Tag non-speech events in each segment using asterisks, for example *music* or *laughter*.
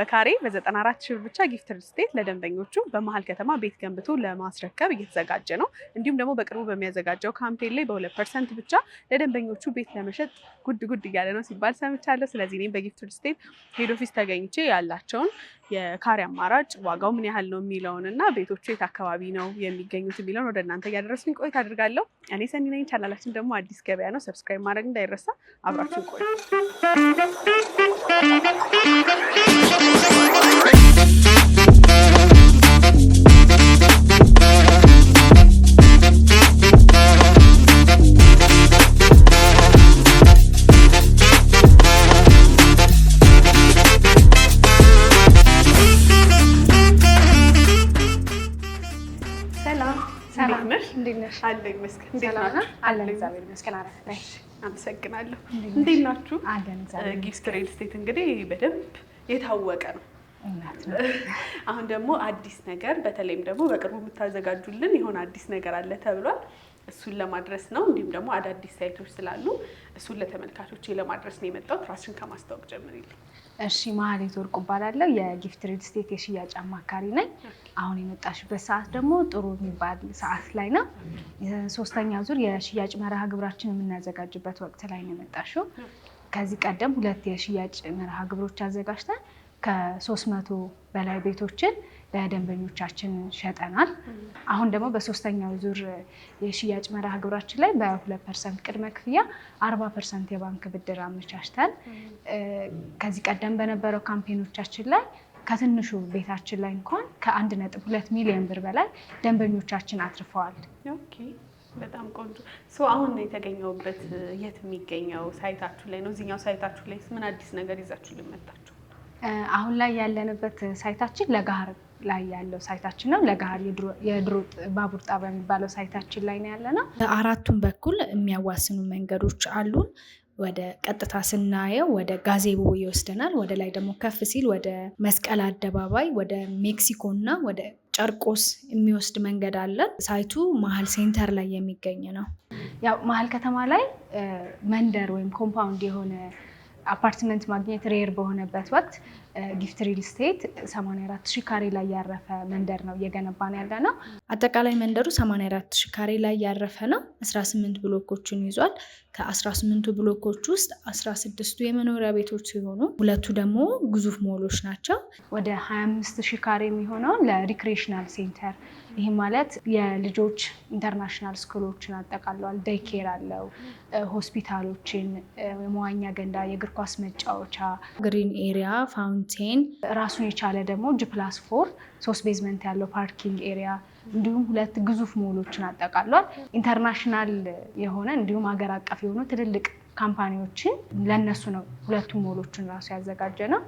በካሬ በ94 ሺህ ብር ብቻ ጊፍት ስቴት ለደንበኞቹ በመሀል ከተማ ቤት ገንብቶ ለማስረከብ እየተዘጋጀ ነው። እንዲሁም ደግሞ በቅርቡ በሚያዘጋጀው ካምፔን ላይ በሁለት ፐርሰንት ብቻ ለደንበኞቹ ቤት ለመሸጥ ጉድ ጉድ እያለ ነው ሲባል ሰምቻለሁ። ስለዚህ እኔም በጊፍት ስቴት ሄድ ኦፊስ ተገኝቼ ያላቸውን የካሬ አማራጭ ዋጋው ምን ያህል ነው የሚለውን እና ቤቶቹ የት አካባቢ ነው የሚገኙት የሚለውን ወደ እናንተ እያደረስን ቆይታ አድርጋለሁ። እኔ ሰኒ ነኝ። ቻናላችን ደግሞ አዲስ ገበያ ነው። ሰብስክራይብ ማድረግ እንዳይረሳ። አብራችን ቆይ ነሽ? እንዴት ነሽ? አለ ይመስገን። እንዴት ናችሁ? እግዚአብሔር ይመስገን። አረፍ አመሰግናለሁ። እንዴት ናችሁ? እግዚአብሔር። ጊፍት ሪል ስቴት እንግዲህ በደንብ የታወቀ ነው። አሁን ደግሞ አዲስ ነገር በተለይም ደግሞ በቅርቡ የምታዘጋጁልን የሆነ አዲስ ነገር አለ ተብሏል። እሱን ለማድረስ ነው። እንዲሁም ደግሞ አዳዲስ ሳይቶች ስላሉ እሱን ለተመልካቾች ለማድረስ ነው የመጣሁት። ራስሽን ከማስታወቅ ጀምሪልኝ። እሺ፣ መሀሌት ወርቁ እባላለሁ። የጊፍት ሪል ስቴት የሽያጭ አማካሪ ነኝ። አሁን የመጣሽበት ሰዓት ደግሞ ጥሩ የሚባል ሰዓት ላይ ነው። ሶስተኛ ዙር የሽያጭ መርሃ ግብራችን የምናዘጋጅበት ወቅት ላይ ነው የመጣሽው። ከዚህ ቀደም ሁለት የሽያጭ መርሃ ግብሮች አዘጋጅተን ከሶስት መቶ በላይ ቤቶችን ለደንበኞቻችን ሸጠናል። አሁን ደግሞ በሶስተኛው ዙር የሽያጭ መርሃ ግብራችን ላይ በሁለት ፐርሰንት ቅድመ ክፍያ አርባ ፐርሰንት የባንክ ብድር አመቻችተን ከዚህ ቀደም በነበረው ካምፔኖቻችን ላይ ከትንሹ ቤታችን ላይ እንኳን ከአንድ ነጥብ ሁለት ሚሊዮን ብር በላይ ደንበኞቻችን አትርፈዋል። በጣም ቆንጆ ሶ አሁን የተገኘውበት የት የሚገኘው ሳይታችሁ ላይ ነው? እዚኛው ሳይታችሁ ላይ ምን አዲስ ነገር ይዛችሁ ልመጣችሁ? አሁን ላይ ያለንበት ሳይታችን ለጋህር ላይ ያለው ሳይታችን ነው። ለጋር የድሮ ባቡር ጣቢያ የሚባለው ሳይታችን ላይ ነው ያለ ነው። አራቱን በኩል የሚያዋስኑ መንገዶች አሉን። ወደ ቀጥታ ስናየው ወደ ጋዜቦ ይወስደናል። ወደ ላይ ደግሞ ከፍ ሲል ወደ መስቀል አደባባይ፣ ወደ ሜክሲኮ እና ወደ ጨርቆስ የሚወስድ መንገድ አለን። ሳይቱ መሀል ሴንተር ላይ የሚገኝ ነው። ያው መሀል ከተማ ላይ መንደር ወይም ኮምፓውንድ የሆነ አፓርትመንት ማግኘት ሬር በሆነበት ወቅት ጊፍት ሪል ስቴት 84 ሺህ ካሬ ላይ ያረፈ መንደር ነው እየገነባን ያለ ነው። አጠቃላይ መንደሩ 84 ሺህ ካሬ ላይ ያረፈ ነው። 18 ብሎኮችን ይዟል። ከ18ቱ ብሎኮች ውስጥ 16ቱ የመኖሪያ ቤቶች ሲሆኑ ሁለቱ ደግሞ ግዙፍ ሞሎች ናቸው። ወደ 25 ሺህ ካሬ የሚሆነውን ለሪክሬሽናል ሴንተር ይህ ማለት የልጆች ኢንተርናሽናል ስኩሎችን አጠቃለዋል። ዴይኬር አለው፣ ሆስፒታሎችን፣ የመዋኛ ገንዳ፣ የእግር ኳስ መጫወቻ፣ ግሪን ኤሪያ ፋውን ቴን ራሱን የቻለ ደግሞ ጂፕላስ ፕላስ ፎር ሶስት ቤዝመንት ያለው ፓርኪንግ ኤሪያ እንዲሁም ሁለት ግዙፍ ሞሎችን አጠቃሏል። ኢንተርናሽናል የሆነ እንዲሁም ሀገር አቀፍ የሆኑ ትልልቅ ካምፓኒዎችን ለእነሱ ነው ሁለቱም ሞሎችን ራሱ ያዘጋጀ ነው።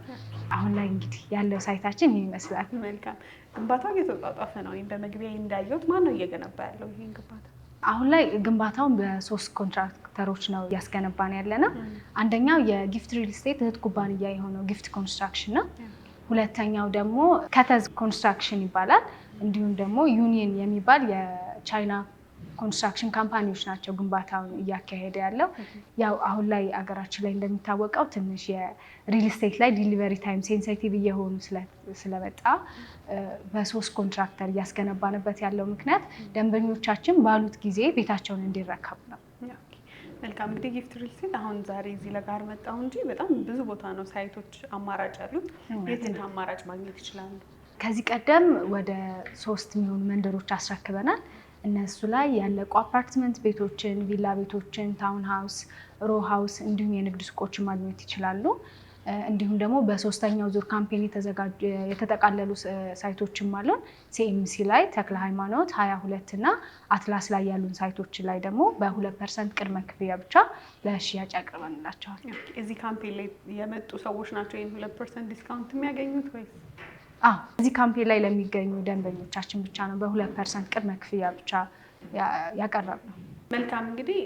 አሁን ላይ እንግዲህ ያለው ሳይታችን ይህ ይመስላል። መልካም ግንባታው እየተጧጧፈ ነው። ወይም በመግቢያ እንዳየሁት ማን ነው እየገነባ ያለው ይህን ግንባታ? አሁን ላይ ግንባታውን በሶስት ኮንትራክተሮች ነው እያስገነባን ያለ ነው። አንደኛው የጊፍት ሪል ስቴት እህት ኩባንያ የሆነው ጊፍት ኮንስትራክሽን ነው። ሁለተኛው ደግሞ ከተዝ ኮንስትራክሽን ይባላል። እንዲሁም ደግሞ ዩኒየን የሚባል የቻይና ኮንስትራክሽን ካምፓኒዎች ናቸው ግንባታውን እያካሄደ ያለው። ያው አሁን ላይ አገራችን ላይ እንደሚታወቀው ትንሽ የሪል ስቴት ላይ ዲሊቨሪ ታይም ሴንሲቲቭ እየሆኑ ስለመጣ በሶስት ኮንትራክተር እያስገነባንበት ያለው ምክንያት ደንበኞቻችን ባሉት ጊዜ ቤታቸውን እንዲረከቡ ነው። መልካም እንግዲህ ጊፍት ሪል ስቴት አሁን ዛሬ እዚህ ለጋር መጣሁ እንጂ በጣም ብዙ ቦታ ነው ሳይቶች አማራጭ ያሉት። የትን አማራጭ ማግኘት ይችላሉ? ከዚህ ቀደም ወደ ሶስት የሚሆኑ መንደሮች አስረክበናል። እነሱ ላይ ያለቁ አፓርትመንት ቤቶችን፣ ቪላ ቤቶችን፣ ታውን ሀውስ፣ ሮ ሃውስ እንዲሁም የንግድ ሱቆችን ማግኘት ይችላሉ። እንዲሁም ደግሞ በሶስተኛው ዙር ካምፔን የተጠቃለሉ ሳይቶችም አሉን። ሲኤምሲ ላይ ተክለ ሃይማኖት ሀያ ሁለት እና አትላስ ላይ ያሉን ሳይቶች ላይ ደግሞ በሁለት ፐርሰንት ቅድመ ክፍያ ብቻ ለሽያጭ ያቀርበንላቸዋል። እዚህ ካምፔን ላይ የመጡ ሰዎች ናቸው ይህን ሁለት ፐርሰንት ዲስካውንት የሚያገኙት ወይ? እዚህ ካምፔን ላይ ለሚገኙ ደንበኞቻችን ብቻ ነው በሁለት ፐርሰንት ቅድመ ክፍያ ብቻ ያቀረብ ነው። መልካም እንግዲህ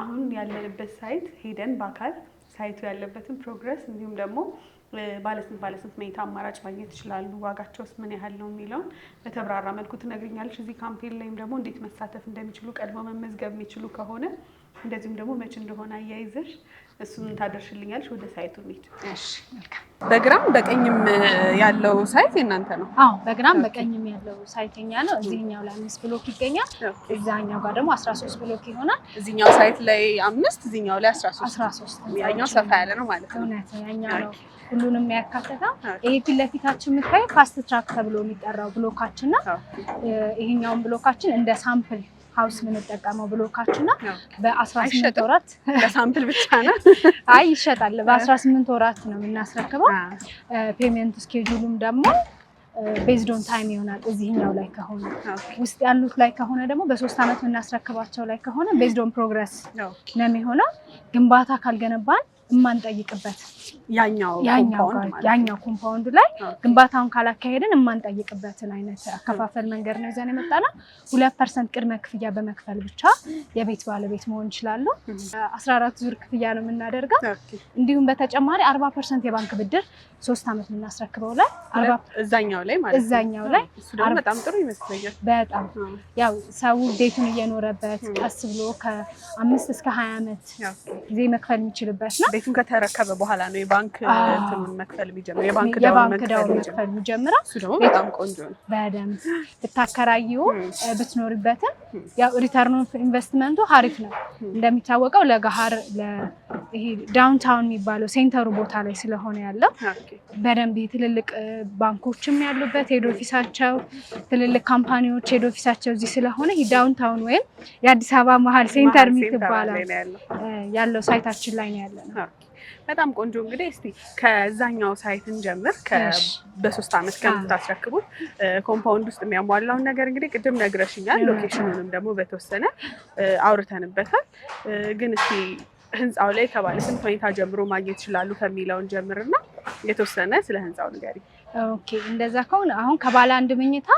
አሁን ያለንበት ሳይት ሄደን በአካል ሳይቱ ያለበትን ፕሮግረስ እንዲሁም ደግሞ ባለስንት ባለስንት መኝታ አማራጭ ማግኘት ይችላሉ፣ ዋጋቸውስ ምን ያህል ነው የሚለውን በተብራራ መልኩ ትነግርኛለች። እዚህ ካምፔን ላይም ደግሞ እንዴት መሳተፍ እንደሚችሉ ቀድሞ መመዝገብ የሚችሉ ከሆነ እንደዚሁም ደግሞ መቼ እንደሆነ አያይዘሽ እሱን ታደርሽልኛለሽ። ወደ ሳይቱ እንሂድ። እሺ መልካም። በግራም በቀኝም ያለው ሳይት የእናንተ ነው? አዎ፣ በግራም በቀኝም ያለው ሳይት የኛ ነው። እዚህኛው ላይ አምስት ብሎክ ይገኛል። እዛኛው ጋር ደግሞ አስራ ሶስት ብሎክ ይሆናል። እዚህኛው ሳይት ላይ አምስት እዚህኛው ላይ አስራ ሶስት ያኛው ሰፋ ያለ ነው ማለት ነው። እውነት ያኛው ነው ሁሉንም ያካተተው። ይሄ ፊት ለፊታችን የምታየው ፋስት ትራክ ተብሎ የሚጠራው ብሎካችን ነው። ይሄኛውን ብሎካችን እንደ ሳምፕል ሀውስ የምንጠቀመው ብሎካችን ነው። በ18 ወራት *laughs* ብቻ ነው። *laughs* አይ ይሸጣል። ወራት ነው የምናስረክበው። ፔሜንት ስኬጁሉም ደግሞ ቤዝዶን ታይም ይሆናል። እዚህኛው ላይ ከሆነ ውስጥ ያሉት ላይ ከሆነ ደግሞ በሶስት ዓመት የምናስረክባቸው ላይ ከሆነ ቤዝዶን ፕሮግረስ ነው የሚሆነው። ግንባታ ካልገነባን የማንጠይቅበት ያኛው ኮምፓውንድ ላይ ግንባታውን ካላካሄድን የማንጠይቅበትን አይነት አከፋፈል መንገድ ነው ይዘን የመጣነው። ሁለት ፐርሰንት ቅድመ ክፍያ በመክፈል ብቻ የቤት ባለቤት መሆን ይችላሉ። አስራ አራት ዙር ክፍያ ነው የምናደርገው። እንዲሁም በተጨማሪ አርባ ፐርሰንት የባንክ ብድር ሶስት ዓመት የምናስረክበው ላይ እዛኛው ላይ እዛኛው ላይ በጣም ጥሩ ይመስለኛል። በጣም ያው ሰው ቤቱን እየኖረበት ቀስ ብሎ ከአምስት እስከ ሀያ ዓመት ጊዜ መክፈል የሚችልበት ነው። ቤቱን ከተረከበ በኋላ ነው የባንክ እንትኑን መክፈል የሚጀምረው። የባንክ ዳውን መክፈል የሚጀምረው እሱ ደግሞ በጣም ቆንጆ ነው። በደምብ ብታከራይው ብትኖርበትም ያው ሪተርን ኦፍ ኢንቨስትመንቱ ሀሪፍ ነው። እንደሚታወቀው ለገሀር ይሄ ዳውንታውን የሚባለው ሴንተሩ ቦታ ላይ ስለሆነ ያለው በደንብ ትልልቅ ባንኮችም ያሉበት ሄድ ኦፊሳቸው ትልልቅ ካምፓኒዎች ሄድ ኦፊሳቸው እዚህ ስለሆነ ዳውን ዳውንታውን ወይም የአዲስ አበባ መሀል ሴንተር የምትባለው ያለው ሳይታችን ላይ ነው ያለ ነው። በጣም ቆንጆ እንግዲህ እስቲ ከዛኛው ሳይት ጀምር በሶስት ዓመት ከምታስረክቡት ኮምፓውንድ ውስጥ የሚያሟላውን ነገር እንግዲህ ቅድም ነግረሽኛል። ሎኬሽኑንም ደግሞ በተወሰነ አውርተንበታል። ግን እስቲ ህንፃው ላይ ከባለ ስንት ሁኔታ ጀምሮ ማግኘት ይችላሉ ከሚለውን ጀምርና የተወሰነ ስለ ህንፃው ንገሪ። ኦኬ እንደዛ ከሆነ አሁን ከባለ አንድ ምኝታ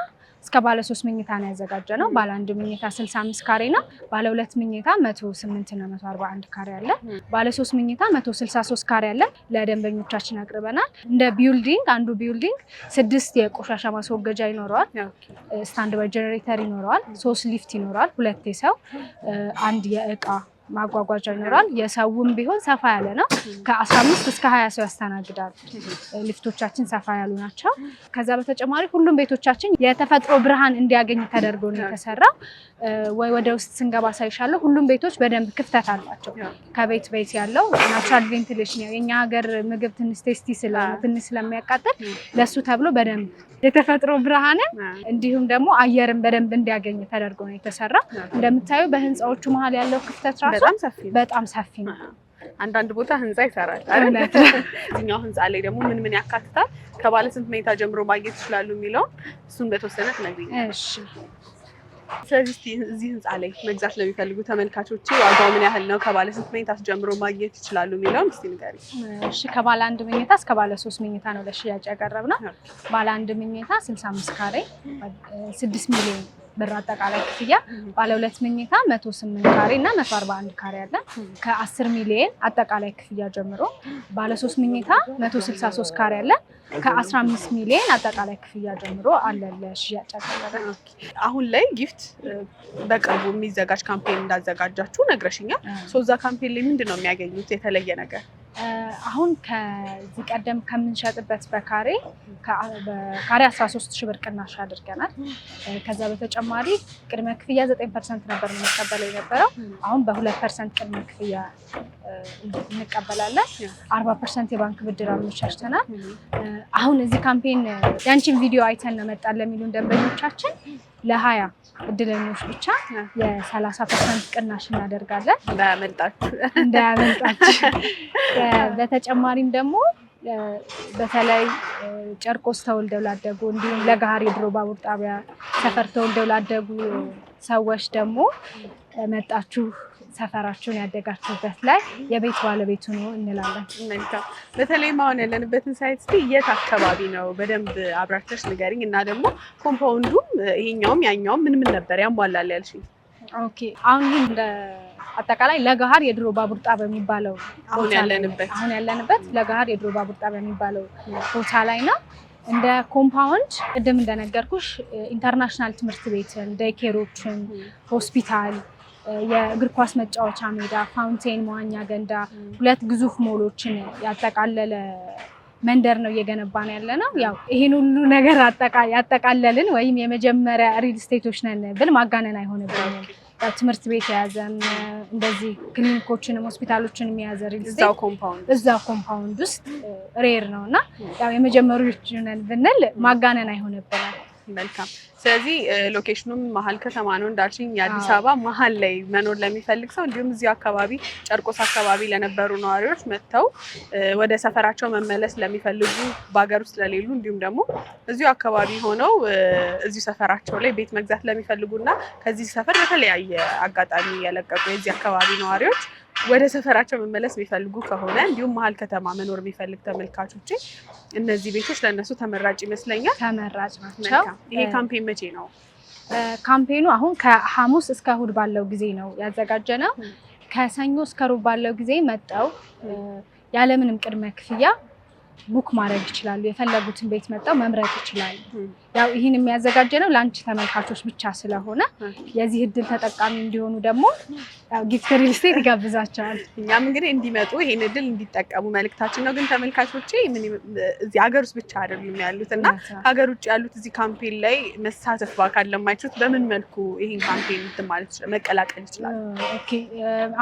እስከ ባለ ሶስት ምኝታ ነው ያዘጋጀ ነው። ባለ አንድ ምኝታ ስልሳ አምስት ካሬ ነው። ባለ ሁለት ምኝታ መቶ ስምንት እና መቶ አርባ አንድ ካሬ አለ። ባለ ሶስት ምኝታ መቶ ስልሳ ሶስት ካሬ አለ። ለደንበኞቻችን አቅርበናል። እንደ ቢውልዲንግ አንዱ ቢውልዲንግ ስድስት የቆሻሻ ማስወገጃ ይኖረዋል። ስታንድ ባይ ጀኔሬተር ይኖረዋል። ሶስት ሊፍት ይኖረዋል። ሁለት ሰው አንድ የእቃ ማጓጓዣ ይኖራል። የሰውም ቢሆን ሰፋ ያለ ነው። ከ15 እስከ 20 ሰው ያስተናግዳል። ሊፍቶቻችን ሰፋ ያሉ ናቸው። ከዛ በተጨማሪ ሁሉም ቤቶቻችን የተፈጥሮ ብርሃን እንዲያገኝ ተደርጎ ነው የተሰራው። ወይ ወደ ውስጥ ስንገባ ሳይሻለሁ ሁሉም ቤቶች በደንብ ክፍተት አላቸው። ከቤት ቤት ያለው ናቹራል ቬንትሌሽን ያው የኛ ሀገር ምግብ ትንሽ ቴስቲ ስለሆነ ትንሽ ስለሚያቃጥል ለሱ ተብሎ በደንብ የተፈጥሮ ብርሃንን እንዲሁም ደግሞ አየርን በደንብ እንዲያገኝ ተደርጎ ነው የተሰራ። እንደምታዩ በህንፃዎቹ መሀል ያለው ክፍተት ራሱ በጣም ሰፊ ነው። አንዳንድ ቦታ ህንፃ ይሰራል አይደል? *laughs* ህንፃ ላይ ደግሞ ምን ምን ያካትታል ከባለስንት ስንት መኝታ ጀምሮ ማግኘት ይችላሉ የሚለውን እሱን በተወሰነ ትነግሪኝ። ስለዚህ እዚህ ህንፃ ላይ መግዛት ለሚፈልጉ ተመልካቾች ዋጋው ምን ያህል ነው? ከባለ ስንት መኝታስ ጀምሮ ማግኘት ይችላሉ የሚለውን እስኪ ንገሪ። እሺ ከባለ አንድ መኝታ እስከ ባለ ሶስት መኝታ ነው ለሽያጭ ያቀረብ ነው። ባለ አንድ መኝታ ስልሳ አምስት ካሬ ስድስት ሚሊዮን ብር አጠቃላይ ክፍያ ባለ ሁለት መኝታ 108 ካሬ እና 141 ካሬ አለ። ከ10 ሚሊዮን አጠቃላይ ክፍያ ጀምሮ ባለ 3 መኝታ 163 ካሬ አለ። ከ15 ሚሊዮን አጠቃላይ ክፍያ ጀምሮ አለ ለሽያጭ ያቀረበ። አሁን ላይ ጊፍት በቅርቡ የሚዘጋጅ ካምፔን እንዳዘጋጃችሁ ነግረሽኛል። ሶዛ ካምፔን ላይ ምንድን የሚያገኙት የተለየ ነገር? አሁን ከዚህ ቀደም ከምንሸጥበት በካሬ በካሬ 13 ሺህ ብር ቅናሽ አድርገናል። ከዛ በተጨማሪ ቅድመ ክፍያ 9 ፐርሰንት ነበር የምንቀበለው የነበረው አሁን በ2 ፐርሰንት ቅድመ ክፍያ እንቀበላለን። አርባ ፐርሰንት የባንክ ብድር አመቻችተናል። አሁን እዚህ ካምፔን ያንቺን ቪዲዮ አይተን መጣን ለሚሉን ደንበኞቻችን ለሀያ እድለኞች ብቻ የሰላሳ ፐርሰንት ቅናሽ እናደርጋለን። እንዳያመልጣችሁ እንዳያመልጣችሁ። በተጨማሪም ደግሞ በተለይ ጨርቆስ ተወልደው ላደጉ እንዲሁም ለገሃር ድሮ ባቡር ጣቢያ ሰፈር ተወልደው ላደጉ ሰዎች ደግሞ መጣችሁ ሰፈራችሁን ያደጋችሁበት ላይ የቤት ባለቤቱ ነው እንላለን። መልካም። በተለይም አሁን ያለንበትን ሳይት እስኪ የት አካባቢ ነው በደንብ አብራርተሽ ንገሪኝ እና ደግሞ ኮምፓውንዱም ይሄኛውም ያኛውም ምን ምን ነበር ያሟላል ያልሽኝ? ኦኬ አሁን ይህ እንደ አጠቃላይ ለገሃር የድሮ ባቡርጣ በሚባለው አሁን ያለንበት አሁን ያለንበት ለገሃር የድሮ ባቡርጣ በሚባለው ቦታ ላይ ነው። እንደ ኮምፓውንድ ቅድም እንደነገርኩሽ ኢንተርናሽናል ትምህርት ቤትን፣ ዴይኬሮችን፣ ሆስፒታል የእግር ኳስ መጫወቻ ሜዳ፣ ፋውንቴን፣ መዋኛ ገንዳ፣ ሁለት ግዙፍ ሞሎችን ያጠቃለለ መንደር ነው እየገነባን ያለ ነው። ያው ይህን ሁሉ ነገር ያጠቃለልን ወይም የመጀመሪያ ሪል ስቴቶች ነን ብል ማጋነን አይሆንብንም። ትምህርት ቤት የያዘን እንደዚህ ክሊኒኮችንም ሆስፒታሎችንም የያዘ ሪል ስቴት ኮምፓውንድ ውስጥ ሬር ነው እና ያው ነን ብንል ማጋነን አይሆንብናል። መልካም። ስለዚህ ሎኬሽኑም መሀል ከተማ ነው እንዳልሽኝ፣ የአዲስ አበባ መሀል ላይ መኖር ለሚፈልግ ሰው እንዲሁም እዚሁ አካባቢ ጨርቆስ አካባቢ ለነበሩ ነዋሪዎች መጥተው ወደ ሰፈራቸው መመለስ ለሚፈልጉ በሀገር ውስጥ ለሌሉ እንዲሁም ደግሞ እዚሁ አካባቢ ሆነው እዚሁ ሰፈራቸው ላይ ቤት መግዛት ለሚፈልጉና ከዚህ ሰፈር በተለያየ አጋጣሚ ያለቀቁ የዚህ አካባቢ ነዋሪዎች ወደ ሰፈራቸው መመለስ የሚፈልጉ ከሆነ እንዲሁም መሀል ከተማ መኖር የሚፈልግ ተመልካቾች እነዚህ ቤቶች ለእነሱ ተመራጭ ይመስለኛል። ተመራጭ ናቸው። ይሄ ካምፔን መቼ ነው? ካምፔኑ አሁን ከሐሙስ እስከ እሁድ ባለው ጊዜ ነው ያዘጋጀ ነው። ከሰኞ እስከ ሩብ ባለው ጊዜ መጠው ያለምንም ቅድመ ክፍያ ቡክ ማድረግ ይችላሉ። የፈለጉትን ቤት መጣው መምረጥ ይችላሉ። ያው ይህን የሚያዘጋጀ ነው ለአንቺ ተመልካቾች ብቻ ስለሆነ የዚህ እድል ተጠቃሚ እንዲሆኑ ደግሞ ጊፍት ሪል ስቴት ይጋብዛቸዋል። እኛም እንግዲህ እንዲመጡ ይህን እድል እንዲጠቀሙ መልእክታችን ነው። ግን ተመልካቾቼ እዚህ ሀገር ውስጥ ብቻ አይደሉም ያሉት እና ከሀገር ውጭ ያሉት እዚህ ካምፔን ላይ መሳተፍ ባካል ለማይችሉት በምን መልኩ ይህን ካምፔን ማለት መቀላቀል ይችላሉ?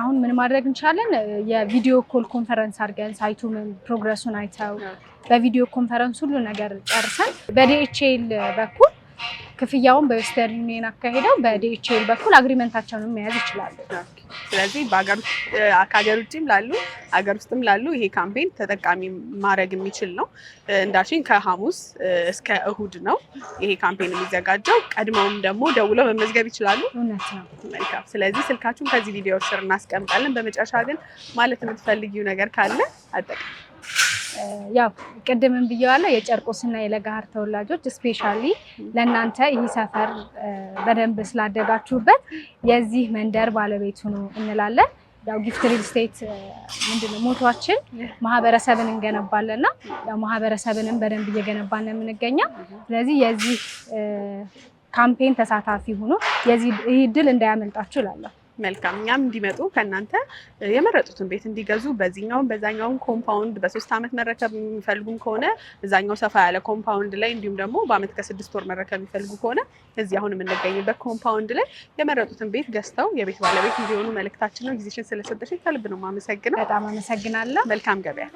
አሁን ምን ማድረግ እንችላለን? የቪዲዮ ኮል ኮንፈረንስ አድርገን ሳይቱ ፕሮግረሱን አይተው በቪዲዮ ኮንፈረንስ ሁሉ ነገር ጨርሰን በዲኤችኤል በኩል ክፍያውን በዌስተርን ዩኒየን አካሄደው በዲኤችኤል በኩል አግሪመንታቸውን መያዝ ይችላሉ። ስለዚህ ከሀገር ውጭም ላሉ ሀገር ውስጥም ላሉ ይሄ ካምፔን ተጠቃሚ ማድረግ የሚችል ነው። እንዳልሽኝ ከሐሙስ እስከ እሁድ ነው ይሄ ካምፔን የሚዘጋጀው። ቀድመውም ደግሞ ደውለው መመዝገብ ይችላሉ። እውነት ነው። መልካም። ስለዚህ ስልካችሁን ከዚህ ቪዲዮ ስር እናስቀምጣለን። በመጨረሻ ግን ማለት የምትፈልጊው ነገር ካለ አጠቃ ያው ቅድምም ብዬዋለሁ የጨርቆስና የለጋር ተወላጆች ስፔሻሊ ለእናንተ ይህ ሰፈር በደንብ ስላደጋችሁበት የዚህ መንደር ባለቤቱ ነው እንላለን። ያው ጊፍት ሪል ስቴት ምንድነው ሞቷችን ማህበረሰብን እንገነባለንና ያው ማህበረሰብንም በደንብ እየገነባን ነው የምንገኘው። ስለዚህ የዚህ ካምፔን ተሳታፊ ሆኖ የዚህ ይህ ድል እንዳያመልጣችሁ እላለሁ። መልካም እኛም እንዲመጡ ከእናንተ የመረጡትን ቤት እንዲገዙ በዚህኛውም በዛኛውም ኮምፓውንድ በሶስት ዓመት መረከብ የሚፈልጉም ከሆነ እዛኛው ሰፋ ያለ ኮምፓውንድ ላይ እንዲሁም ደግሞ በዓመት ከስድስት ወር መረከብ የሚፈልጉ ከሆነ እዚህ አሁን የምንገኝበት ኮምፓውንድ ላይ የመረጡትን ቤት ገዝተው የቤት ባለቤት እንዲሆኑ መልእክታችን ነው። ጊዜሽን ስለሰጠሽኝ ከልብ ነው የማመሰግነው። በጣም አመሰግናለሁ። መልካም ገበያ።